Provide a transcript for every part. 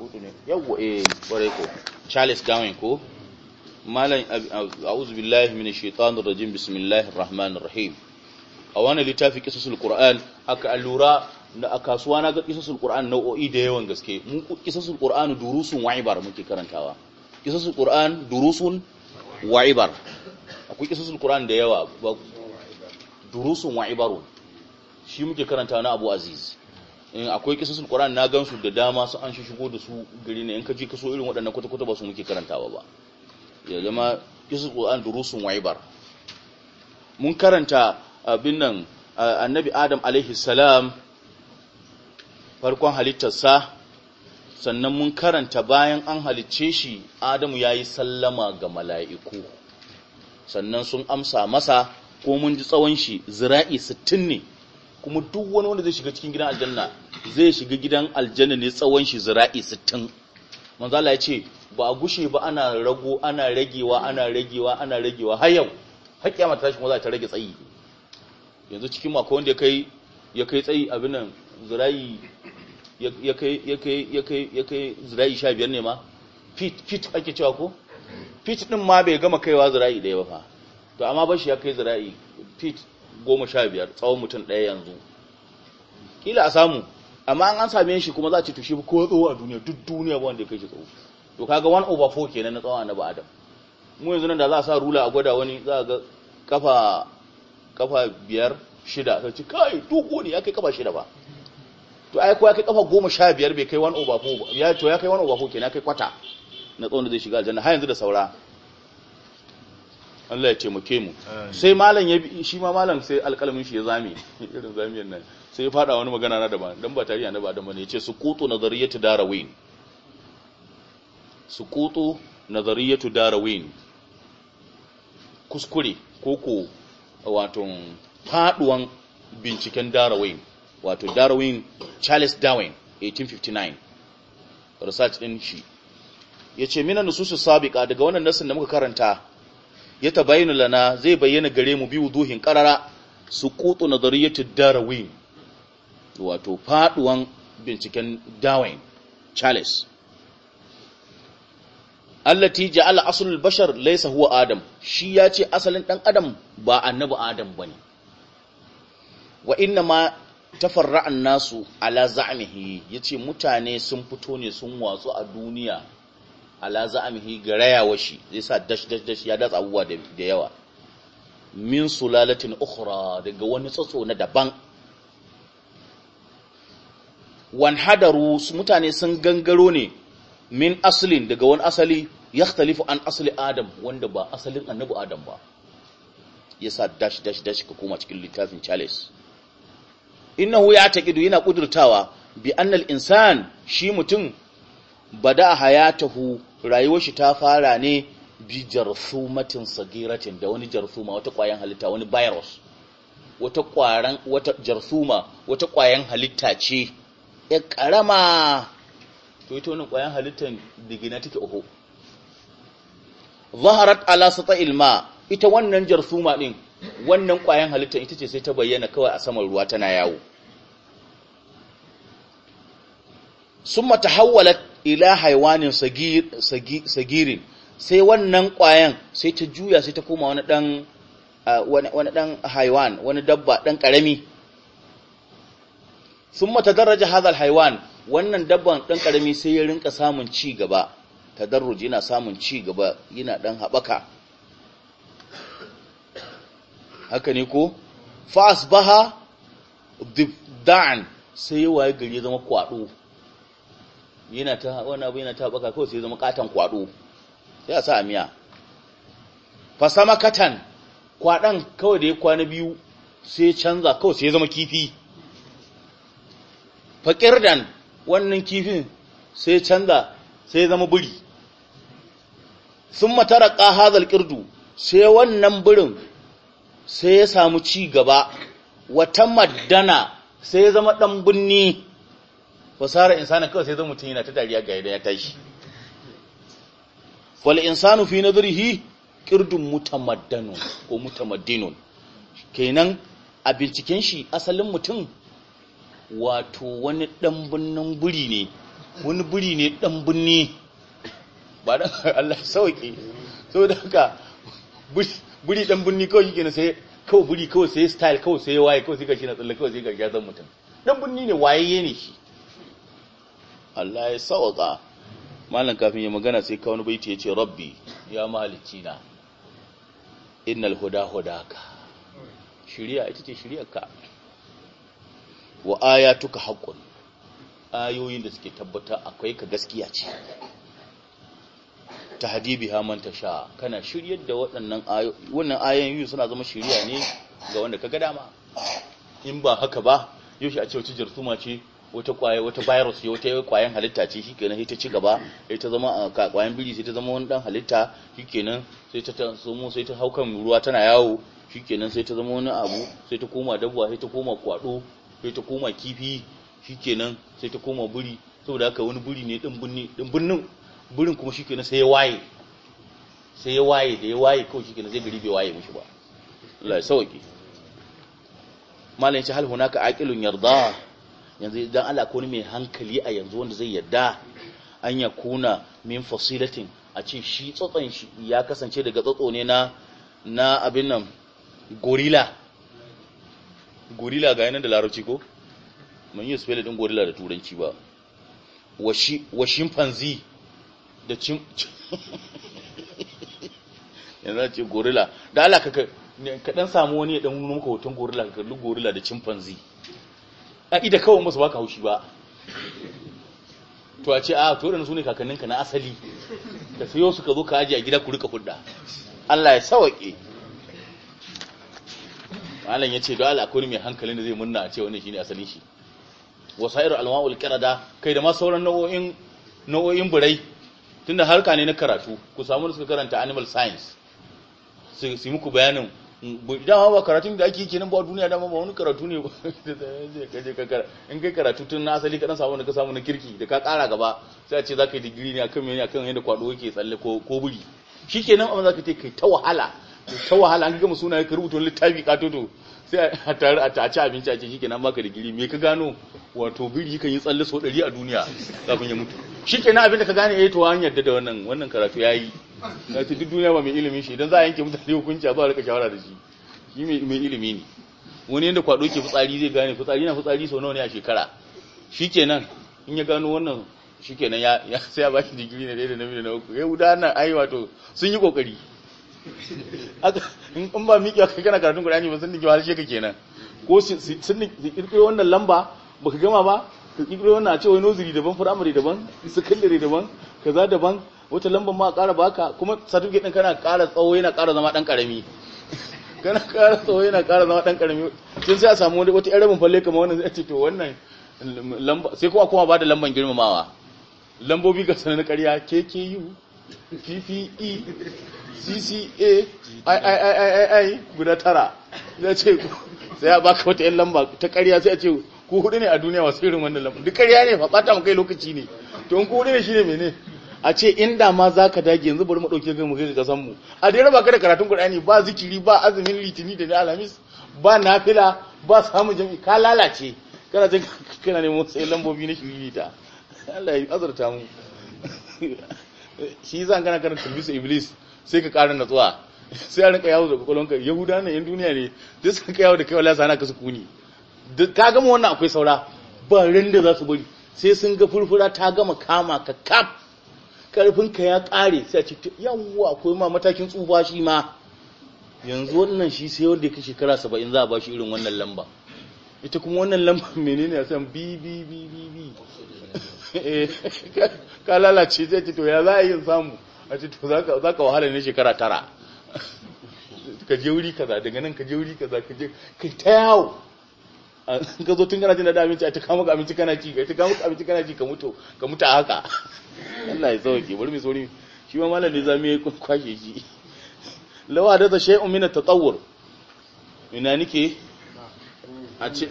hudu ne yawwa eh kwarai ko Charles Darwin ko malam a'udhu billahi minash shaitanir rajim bismillahir rahmanir rahim a wannan littafi kisasul qur'an aka allura na a kasuwa na ga kisasul qur'an nau'o'i da yawan gaske mu kisasul qur'an durusun wa ibar muke karantawa kisasul qur'an durusun wa ibar akwai kisasul qur'an da yawa durusun wa ibaru shi muke karanta na abu aziz akwai kisasul Qur'an na gansu da dama su an shigo da su gari ne in ka ji kaso irin waɗannan kwata-kwata ba su muke karantawa ba ya zama kisasul Qur'an durusun waibar mun karanta abin nan annabi Adam alaihi salam farkon halittarsa sannan mun karanta bayan an halicce shi Adamu yayi sallama ga mala'iku sannan sun amsa masa ko mun ji tsawon shi zira'i sittin ne kuma duk wani wanda zai shiga cikin gidan aljanna zai shiga gidan aljanna ne tsawon shi zira'i 60 manzo Allah ya ce ba a gushe ba ana rago ana ragewa ana ragewa ana ragewa har yau har kiyama ta tashi kuma za ta rage tsayi yanzu cikin mako wanda ya kai ya kai tsayi abin nan zira'i ya kai ya kai ya kai ya kai zira'i 15 ne ma fit fit ake cewa ko fit din ma bai gama kaiwa zira'i ɗaya ba fa to amma bashi ya kai zira'i fit goma sha biyar tsawon mutum ɗaya yanzu kila a samu amma an same shi kuma za a ce to shi ko tsawo a duniya duk duniya ba wanda ya kai shi tsawo to kaga 1 over 4 kenan na tsawon annabi adam mu yanzu nan da za a sa rula a gwada wani za a ga kafa kafa biyar shida sai ci kai duko ne ya kai kafa shida ba to ai ko ya kai kafa goma sha biyar bai kai 1 over ba ya to ya kai 1 over 4 kenan ya kai kwata na tsawon da zai shiga aljanna har yanzu da saura Allah ya taimake mu sai malam ya shi ma malam sai alƙalamin shi ya zame irin zamiyan nan sai ya fada wani magana na da ban dan ba tarihi annabi Adam ne yace suqutu nazariyatu darawin suqutu nazariyatu darawin kuskure koko wato faduwan binciken darawin wato darawin Charles Darwin 1859 research din shi yace mina nususu sabiqa daga wannan nasin da muka karanta ya tabayyana lana zai bayyana gare mu bi wuduhin qarara suqutu nadariyatu darawin wato faduwan binciken Darwin Charles allati ja'ala aslul bashar laysa huwa adam shi ya ce asalin dan adam ba annabi adam bane wa inna ma tafarra'an nasu ala za'mihi yace mutane sun fito ne sun watsu a duniya ala za'amihi ga rayawa shi zai sa dash dash dash ya datsa abubuwa da yawa min sulalatin ukhra daga wani tsatso na daban wan hadaru mutane sun gangaro ne min aslin daga wani asali yakhtalifu an asli adam wanda ba asalin annabi adam ba yasa dash dash dash ka koma cikin littafin Charles innahu ya taqidu yana kudurtawa bi annal insan shi mutum bada hayatahu rayuwar shi ta fara ne bi jarsumatin sagiratin da wani jarsuma wata ƙwayan halitta wani virus wata ƙwaran wata jarsuma wata ƙwayan halitta ce ya ƙarama. to ita wannan ƙwayan halittan digina take oho zaharat ala sata ilma ita wannan jarsuma din wannan ƙwayan halittan ita ce sai ta bayyana kawai a saman ruwa tana yawo summa tahawwalat ila haiwanin sagirin sai wannan ƙwayan sai ta juya sai ta koma wani ɗan wani dan haiwan wani dabba ɗan ƙarami sun mata daraja hazal haiwan wannan dabban ɗan karami sai ya rinka samun ci gaba tadarruji yana samun ci gaba yana ɗan haɓaka haka ne ko fa'as baha dibdan sai waye gari zama kwaɗo yana ta wani abu yana ta baka kawai sai zama katan kwado sai a sa a miya sama katan kwadan kawai da ya kwana biyu sai canza kawai sai zama kifi fa kirdan wannan kifin sai canza sai zama buri sun matara ƙahazal ƙirdu sai wannan birin sai ya samu ci gaba wata maddana sai ya zama ɗan binni fasara insana kawai sai zo mutum yana ta dariya ga yadda ya tashi wal insanu fi nadrihi qirdun mutamaddanu ko mutamaddinun kenan a binciken shi asalin mutum wato wani dan bunnan buri ne wani buri ne dan bunni ba dan Allah sauke so da haka buri dan bunni kawai shi kenan sai kawai buri kawai sai style kawai sai waye kawai sai ka shi na tsalle kawai sai ka ga zan mutum dan bunni ne waye ne shi Allah ya sauka malam kafin ya magana sai kawo nubaiti ya ce rabbi ya mahalicci na innal huda hudaka shiriya ita ce shiriyarka wa ayatuka haqqun ayoyin da suke tabbata akwai ka gaskiya ce tahdibiha manta sha kana shiryar da waɗannan ayoyi wannan ayoyin suna zama shiriya ne ga wanda kaga dama in ba haka ba yau shi a ce wata suma ce wata kwaya wata virus ce wata kwayan halitta ce shikenan sai ta ci gaba sai ta zama ah, ka kwayan biri sai ta zama wani dan halitta shikenan sai ta samu sai ta haukan ruwa tana yawo shikenan sai ta zama wani abu sai ta koma dabba sai ta koma kwado sai ta koma kifi shikenan sai ta koma biri saboda haka wani biri ne din binni din binnin burin kuma shikenan sai ya waye sai ya waye da ya waye kawai shikenan zai gari bai waye mishi ba Allah ya sauke malam ya hal hunaka aqilun yarda yanzu idan Allah ko mai hankali a yanzu wanda zai yadda an ya kuna min fasilatin a ce shi tsotson shi ya kasance daga tsotso ne na na abin nan gorilla gorilla ga yanar da larabci ko mun yi spell din gorilla da turanci ba washi washin da cin yanzu ce gorilla da Allah ka ka dan samu wani ya dan nuna maka hoton gorilla ka kalli gorilla da chimpanzee ida kawai musu baka haushi ba to a ce a ah, to da su ne kakanninka na asali da sayo su ka zo ka ajiye a gida ku rika hudda Allah ya sawake malam ya ce da ala kuri mai hankalin da zai munna a ce shi shine asalin shi wasairu alma'ul kirada kai da ma sauran nau'o'in nau'o'in burai tunda harka ne na karatu ku samu da suka karanta animal science su yi muku bayanin dama ba karatun da ake kenan ba duniya dama ba wani karatu ne kaje ka in kai karatu tun na asali kadan samu da ka samu na kirki da ka kara gaba sai a ce za ka yi digiri ne akan mene akan yadda kwado yake tsalle ko Shi ke nan amma za ka te kai ta wahala ta wahala an gama suna ka rubuta littafi katoto sai a tare a ci abinci a ce shi shikenan baka digiri me ka gano wato biri kan yi tsalle so 100 a duniya kafin ya mutu shi nan abin da ka gane eh to an yarda da wannan wannan karatu yayi da ta duniya ba mai ilimi shi idan za a yanke mutane hukunci a zuwa rika shawara da shi shi mai ilimi ne wani yadda kwado ke fitsari zai gane fitsari na fitsari sau nawa ne a shekara shikenan in ya gano wannan shikenan ya ya sai ya shi digiri na daidai na biyu na uku wuda na ai wato sun yi kokari in ba miƙe kai kana karatun Qur'ani ba sun dinga harshe ka kenan ko sun kirkiro wannan lamba baka gama ba ka kirkiro wannan a ce yi nozuri daban firamare daban sakandare daban kaza daban wata lambar ma ba baka kuma certificate din kana kara tsawo yana kara zama dan karami kana kara tsawo yana kara zama dan karami sai sai a samu wata ƴan rabin falle kamar wannan zai ce to wannan lamba sai kuma kuma bada lambar girmamawa lambobi ga sanar kariya KKU PPE CCA IIII guda tara zai ce sai a baka wata ƴan lamba ta kariya sai a ce ku hudu ne a duniya wasu irin wannan lamba duk kariya ne fa bata mu kai lokaci ne to in ku hudu ne shine mene a ce inda ma za ka dage yanzu bari mu ɗauke kai mu kai mu a dai raba ka da karatun ne ba zikiri ba azumin litini da alhamis ba nafila ba samun jami'i ka lalace kana jin kana neman sai lambobi na shirin ta Allah ya azurta mu shi zan gana karanta bisa iblis sai ka ƙara natsuwa sai a rinka yawo da kwakwalwanka yahuda ne yan duniya ne duk sun ka yawo da kaiwa lasa ka su kuni ka gama wannan akwai saura ba rinda za su bari sai sun ga furfura ta gama kama ka kaf ƙarfinka ya ƙare sai a ce yawwa akwai ma matakin tsufa shi ma yanzu wannan shi sai wanda yake shekara saba'in za a ba shi irin wannan lamba ita kuma wannan lamba menene ya san bi bi bi bi bi ka lalace sai ce to ya za a yi samu a ce to za ka wahala ne shekara tara ka je wuri kaza daga nan ka je wuri kaza ka je kai ta yawo ka zo tun kana jin da abinci a ta kama abinci kana ci ka ta kama abinci kana ci ka mutu ka mutu a haka Allah ya sauke bari mai tsori shi ma malam ne zami ya kwashe shi lawa da shay'un umina ta tatawwur ina nike a ce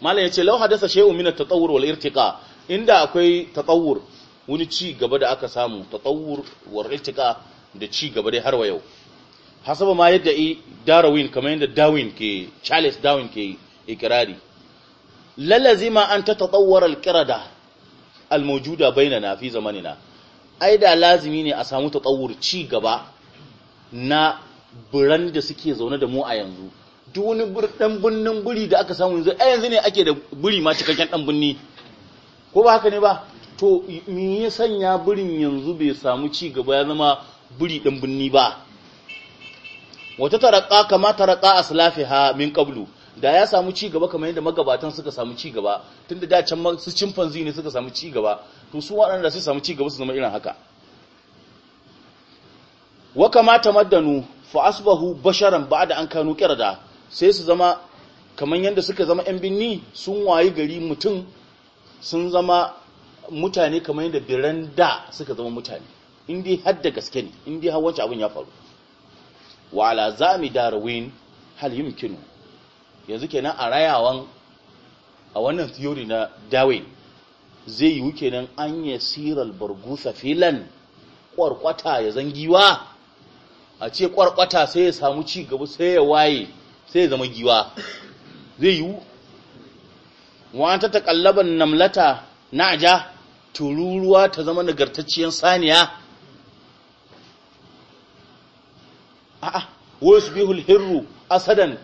malam ya ce law hadasa shay'un umina ta tatawwur wal irtiqa inda akwai tatawwur wani ci gaba da aka samu tatawwur wal irtiqa da ci gaba dai har wa yau hasaba ma yadda i darawin kamar yadda darwin ke charles darwin ke yi ikirari lalazima an tatatawwara da almawjuda bainana fi zamanina ai da lazimi ne a samu tatsawar ci gaba na biran da suke zaune da mu a yanzu duk wani dan buri da aka samu yanzu ai yanzu ne ake da buri ma cikakken dan birni ko ba haka ne ba to me ya sanya burin yanzu bai samu ci gaba ya zama buri dan birni ba wata taraka kama taraka aslafiha min ƙablu. da ya samu ci gaba kamar yadda magabatan suka samu ci gaba tunda da can su chimpanzee ne suka samu ci gaba to su waɗanda su samu ci gaba su zama irin haka wa kamata maddanu fa asbahu basharan ba'da an kanu qirda sai su zama kamar yadda suka zama yan binni sun wayi gari mutum sun zama mutane kamar yadda biran suka zama mutane indai har da gaske ne indai har abin ya faru wa ala zami darawin hal yumkinu yanzu kenan a rayawan a wannan theory na darwin zai yiwu kenan an yi siral bargusa filan kwarkwata ya zangiwa a ce kwarkwata sai ya samu ci gaba sai ya waye sai ya zama giwa zai yiwu wata ta kallaban namlata na aja tururuwa ta zama nagartacciyar saniya a'a wasu bihul hirru asadan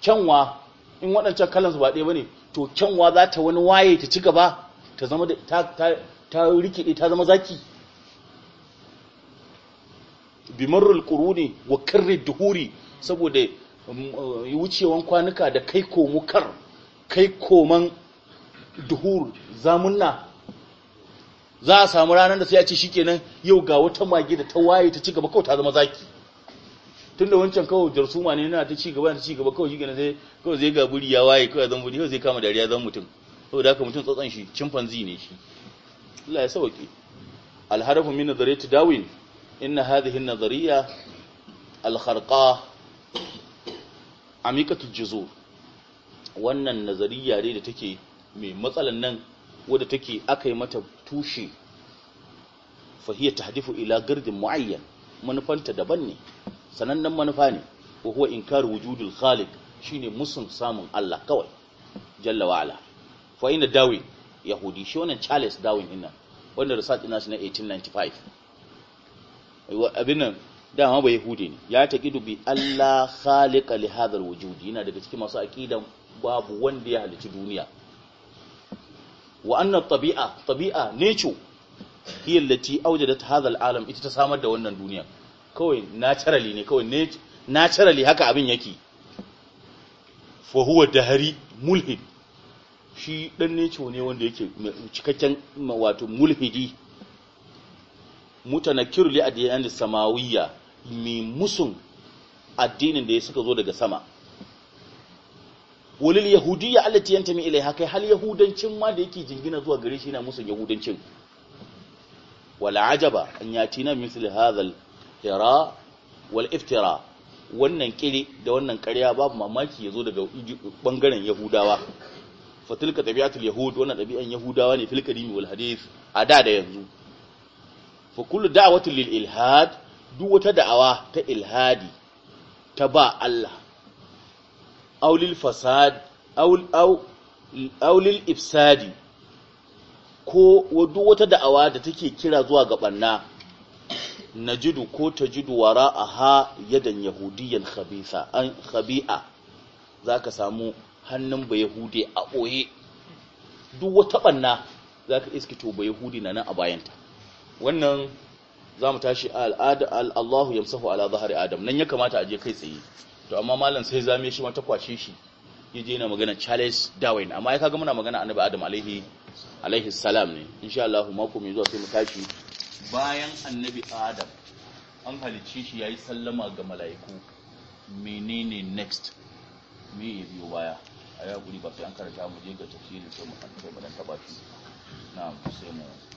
canwa in waɗancan kalansu ba ɗaya ba ne to kyanwa za ta wani waye ta ci gaba ta zama ta rikide ta zama zaki bimarul quruni wa karri duhuri saboda mm, uh, wucewan kwanuka da kai komukar kai koman duhur zamunna za a samu ranar da sai a ce shi shikenan yau ga wata mage da ta waye ta ci gaba kawai ta zama zaki tunda wancan kawai jarsuma ne yana ta ci gaba ta ci gaba kawai shikenan sai kawai zai ga buri ya waye kawai zan buri kawai zai kama dariya zan mutum saboda haka mutum tsotsan shi chimpanzee ne shi Allah ya sauke alharafu min nazariyati dawin inna hadhihi an-nazariyya al-kharqa amikatu juzur wannan nazariya dai da take mai matsalan nan wadda take akai mata tushe fahiyya tahdifu ila gardin muayyan manufanta daban ne sanannen manufa ne wa huwa inkar wujudul khaliq shine musun samun Allah kawai jalla wa ala fa dawi yahudi shi wannan Charles Darwin din nan wanda research ina shi na 1895 abin nan dama ba yahudi ne ya taqidu bi Allah khaliqa li wujudi yana daga cikin masu aƙidan babu wanda ya halici duniya Wa'annan ɗabi'a, tabi'a tabi'a nature hiya allati awjadat hadha al-alam ita ta samar da wannan duniyar kawai naturally ne kawai naturally haka abin yake fa huwa dahari mulhid shi dan neco ne wanda yake cikakken wato mulhidi mutanakir li adiyan samawiyya mi musun addinin da ya suka zo daga sama walil yahudiyya allati yantami ilaiha kai hal yahudancin ma da yake jingina zuwa gare shi na musun yahudancin wala ajaba an na misli iftira wal iftira wannan kire da wannan ƙarya babu mamaki yazo daga bangaren yahudawa fatilka tabi'atul yahud wannan dabi'an yahudawa ne fil kadimi wal hadith a da da yanzu fa kullu da'watin lil ilhad duk wata da'awa ta ilhadi ta ba Allah aw lil fasad aw aw aw ifsadi ko duk wata da'awa da take kira zuwa ga banna najidu ko tajidu wara'aha yadan yahudiyyan khabisa an khabi'a zaka samu hannun ba yahudi a ɓoye duk wata banna zaka iskito ba yahudi na nan a bayanta wannan zamu tashi al'ada Allahu yamsahu ala zahari adam nan ya kamata a je kai tsaye to amma malam sai zame shi ma ta kwashe shi yaje yana magana Charles Darwin amma ya kaga muna magana annabi Adam alaihi alaihi salam ne insha Allah mako mai zuwa sai mu tashi bayan annabi adam an halicci shi ya yi sallama ga mala'iku menene next me ya biyo baya a yaguri ba sai an karanta mu je ga tafsirin sai mu kan sai mu dan